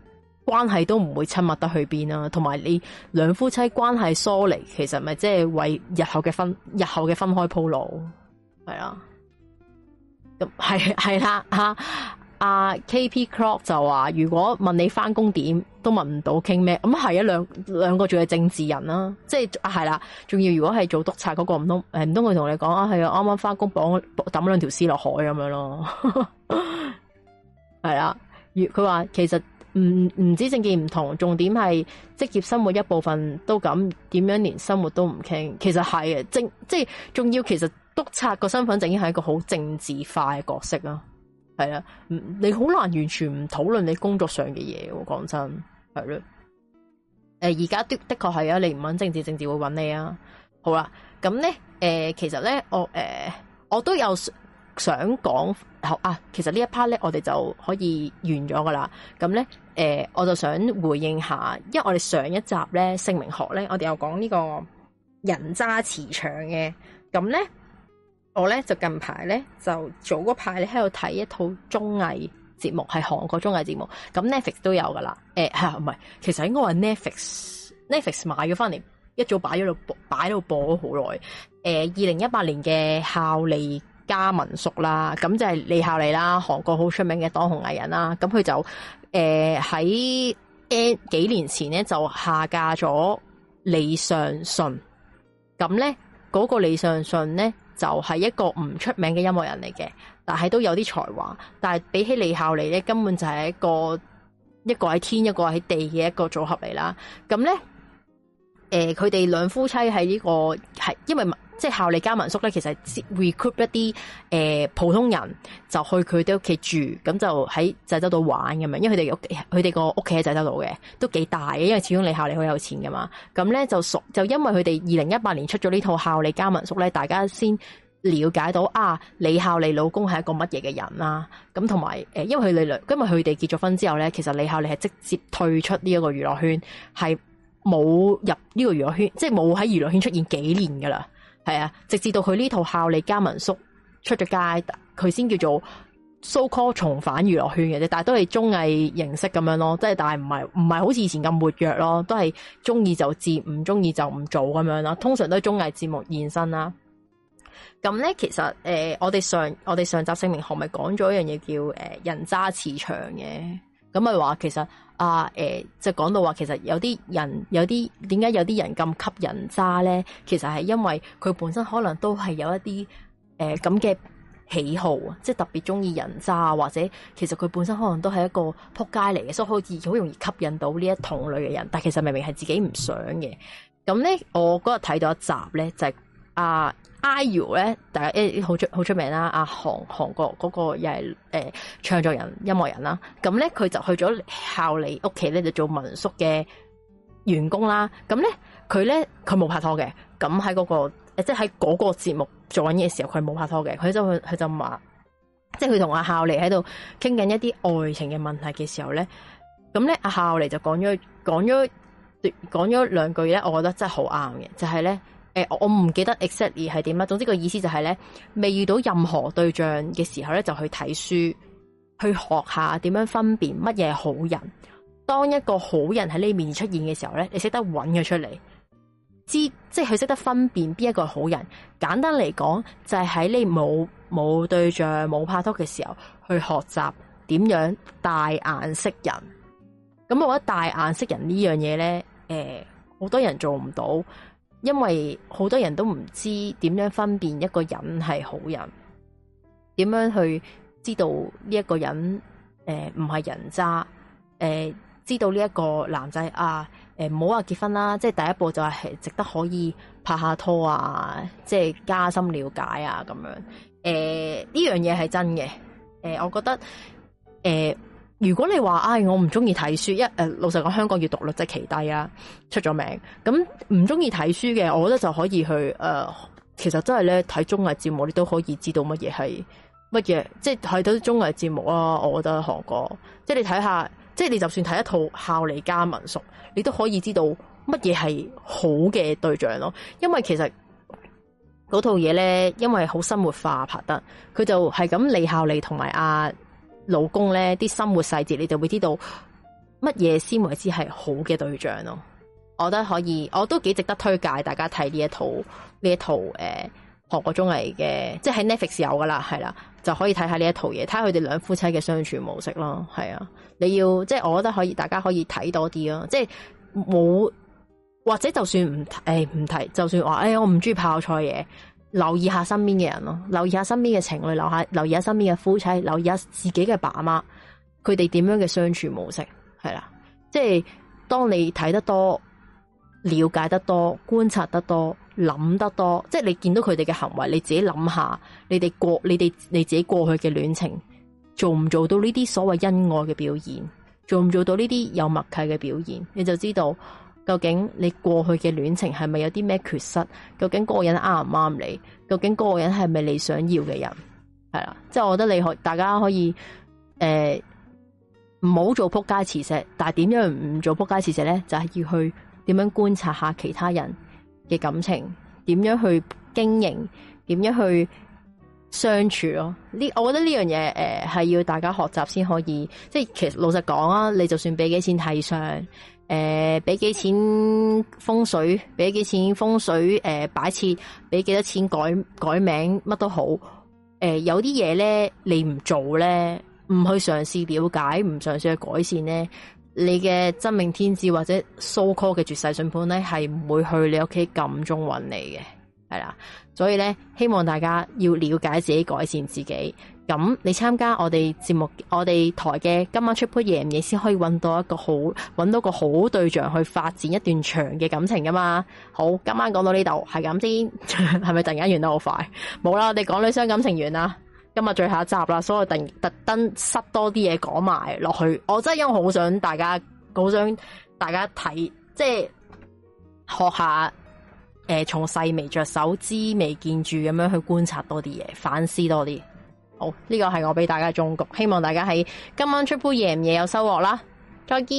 關係都唔會親密得去邊啦，啊。同埋你兩夫妻關係疏離，其實咪即係為日後嘅分日後嘅分開鋪路。係啦，咁係係啦吓，阿、啊、K P Clock 就話，如果問你翻工點，都問唔到傾咩。咁係啊，兩兩個仲係政治人啦、啊，即係係啦，仲、啊、要如果係做督察嗰、嗰個唔通誒唔通佢同你講啊，係啊，啱啱翻工綁抌兩條絲落海咁樣咯。係 啦，佢話其實唔唔知政見唔同，重點係職業生活一部分都咁，點樣連生活都唔傾，其實係啊即即係仲要其實。督察個身份證已經係一個好政治化嘅角色啊，係啊，你好難完全唔討論你工作上嘅嘢。講真，係咯，誒、呃，而家的的確係啊，你唔揾政治，政治會揾你啊。好啦，咁咧，誒、呃，其實咧，我誒、呃，我都有想講啊。其實這一呢一 part 咧，我哋就可以完咗噶啦。咁咧，誒、呃，我就想回應一下，因為我哋上一集咧，姓名學咧，我哋又講呢個人渣磁場嘅，咁咧。我咧就近排咧就早嗰排咧喺度睇一套綜藝節目，係韓國綜藝節目，咁 Netflix 都有噶啦。誒、欸，唔、啊、係，其實應該話 Netflix，Netflix 買咗翻嚟，一早擺咗度播，擺到播咗好耐。誒，二零一八年嘅孝利家民宿啦，咁就係李孝利啦，韓國好出名嘅當紅藝人啦。咁佢就誒喺 N 幾年前咧就下架咗李尚順呢。咁咧嗰個李尚順呢咧。就係、是、一個唔出名嘅音樂人嚟嘅，但係都有啲才華。但係比起李孝利咧，根本就係一個一個喺天，一個喺地嘅一個組合嚟啦。咁咧，誒、呃，佢哋兩夫妻喺呢、這個係因為。即係《孝利家民宿》咧，其實 recruit 一啲，誒、呃、普通人就去佢哋屋企住，咁就喺濟州度玩咁樣。因為佢哋屋佢哋個屋企喺濟州度嘅，都幾大嘅。因為始終李孝利好有錢噶嘛，咁咧就熟就因為佢哋二零一八年出咗呢套《孝利家民宿》咧，大家先了解到啊，李孝利老公係一個乜嘢嘅人啦、啊。咁同埋誒，因為佢哋因為佢哋結咗婚之後咧，其實李孝利係直接退出呢一個娛樂圈，係冇入呢個娛樂圈，即係冇喺娛樂圈出現幾年噶啦。係啊，直至到佢呢套《孝利家民宿》出咗街，佢先叫做 So call 重返娛樂圈嘅啫。但係都係綜藝形式咁樣咯，即係但係唔係唔係好似以前咁活躍咯，都係中意就接，唔中意就唔做咁樣啦。通常都係綜藝節目現身啦。咁咧，其實誒、呃，我哋上我哋上集《姓名學》咪講咗一樣嘢，叫誒人渣磁場嘅。咁咪話其實啊，誒、欸，就講到話其實有啲人有啲，點解有啲人咁吸人渣咧？其實係因為佢本身可能都係有一啲誒咁嘅喜好啊，即係特別中意人渣，或者其實佢本身可能都係一個撲街嚟嘅，所以好似好容易吸引到呢一同類嘅人。但係其實明明係自己唔想嘅。咁咧，我嗰日睇到一集咧，就係、是、阿。啊 IU 咧，大家誒好出好出名啦！阿韓韓國嗰個又係誒唱作人音樂人啦。咁咧，佢就去咗孝利屋企咧，就做民宿嘅員工啦。咁咧佢咧，佢冇拍拖嘅。咁喺嗰個誒即喺嗰個節目做緊嘢時候，佢冇拍拖嘅。佢就佢就話，即係佢同阿孝利喺度傾緊一啲愛情嘅問題嘅時候咧，咁咧阿孝利就講咗講咗講咗兩句咧，我覺得真係好啱嘅，就係、是、咧。誒、欸，我唔記得 Excel 係點啦。總之個意思就係、是、咧，未遇到任何對象嘅時候咧，就去睇書，去學下點樣分辨乜嘢係好人。當一個好人喺你面前出現嘅時候咧，你識得揾佢出嚟，知即係佢識得分辨邊一個係好人。簡單嚟講，就係、是、喺你冇冇對象冇拍拖嘅時候，去學習點樣大眼識人。咁我覺得大眼識人呢樣嘢咧，誒、欸，好多人做唔到。因為好多人都唔知點樣分辨一個人係好人，點樣去知道呢一個人誒唔係人渣？誒、呃，知道呢一個男仔啊，誒、呃，唔好話結婚啦，即係第一步就係值得可以拍下拖啊，即係加深了解啊，咁樣誒呢樣嘢係真嘅，誒、呃，我覺得誒。呃如果你話，唉、哎，我唔中意睇書，一誒，老實講，香港閱讀率即係奇低啊，出咗名。咁唔中意睇書嘅，我覺得就可以去誒、呃，其實真係咧睇綜藝節目，你都可以知道乜嘢係乜嘢，即係睇到啲綜藝節目啊。我覺得韓國，即係你睇下，即係你就算睇一套《孝利家民宿》，你都可以知道乜嘢係好嘅對象咯。因為其實嗰套嘢咧，因為好生活化拍得，佢就係咁，李孝利同埋阿。老公咧，啲生活細節，你就會知道乜嘢先為之係好嘅對象咯。我覺得可以，我都幾值得推介大家睇呢一套呢一套誒韓國綜藝嘅，即係喺 Netflix 有噶啦，係啦，就可以睇下呢一套嘢，睇下佢哋兩夫妻嘅相處模式咯。係啊，你要即係我覺得可以，大家可以睇多啲咯。即係冇或者就算唔誒唔睇，就算話誒、哎、我唔中意泡菜嘢。留意下身邊嘅人咯，留意下身邊嘅情侶，留下留意下身邊嘅夫妻，留意下自己嘅爸媽，佢哋點樣嘅相處模式係啦。即係當你睇得多、了解得多、觀察得多、諗得多，即係你見到佢哋嘅行為，你自己諗下，你哋過你哋你自己過去嘅戀情，做唔做到呢啲所謂恩愛嘅表現，做唔做到呢啲有默契嘅表現，你就知道。究竟你過去嘅戀情係咪有啲咩缺失？究竟嗰個人啱唔啱你？究竟嗰個人係咪你想要嘅人？係啦，即係我覺得你可以大家可以誒，唔好做撲街磁石，但係點樣唔做撲街磁石呢？就係要去點樣觀察下其他人嘅感情，點樣去經營，點樣去。相處咯，呢，我覺得呢樣嘢，誒、呃，係要大家學習先可以，即係其實老實講啊，你就算俾幾錢睇相，誒、呃，俾幾錢風水，俾幾錢風水誒擺設，俾、呃、幾多錢改改名，乜都好，誒、呃，有啲嘢咧，你唔做咧，唔去嘗試了解，唔嘗試去改善咧，你嘅真命天子或者 so call 嘅絕世筍盤咧，係唔會去你屋企撳鐘搵你嘅。係啦，所以咧，希望大家要了解自己，改善自己。咁你參加我哋節目，我哋台嘅《今晚出鋪夜唔夜》，先可以搵到一個好，搵到個好對象去發展一段長嘅感情噶嘛？好，今晚講到呢度係咁先，係咪突然間完得好快？冇啦，我哋講港女傷感情完啦，今日最後一集啦，所以我特特登塞多啲嘢講埋落去。我真係因為好想大家，好想大家睇，即係學下。誒，從細微着手，知微見著咁樣去觀察多啲嘢，反思多啲。好，呢、這個係我俾大家嘅忠告，希望大家喺今晚出杯夜唔夜有收穫啦。再見。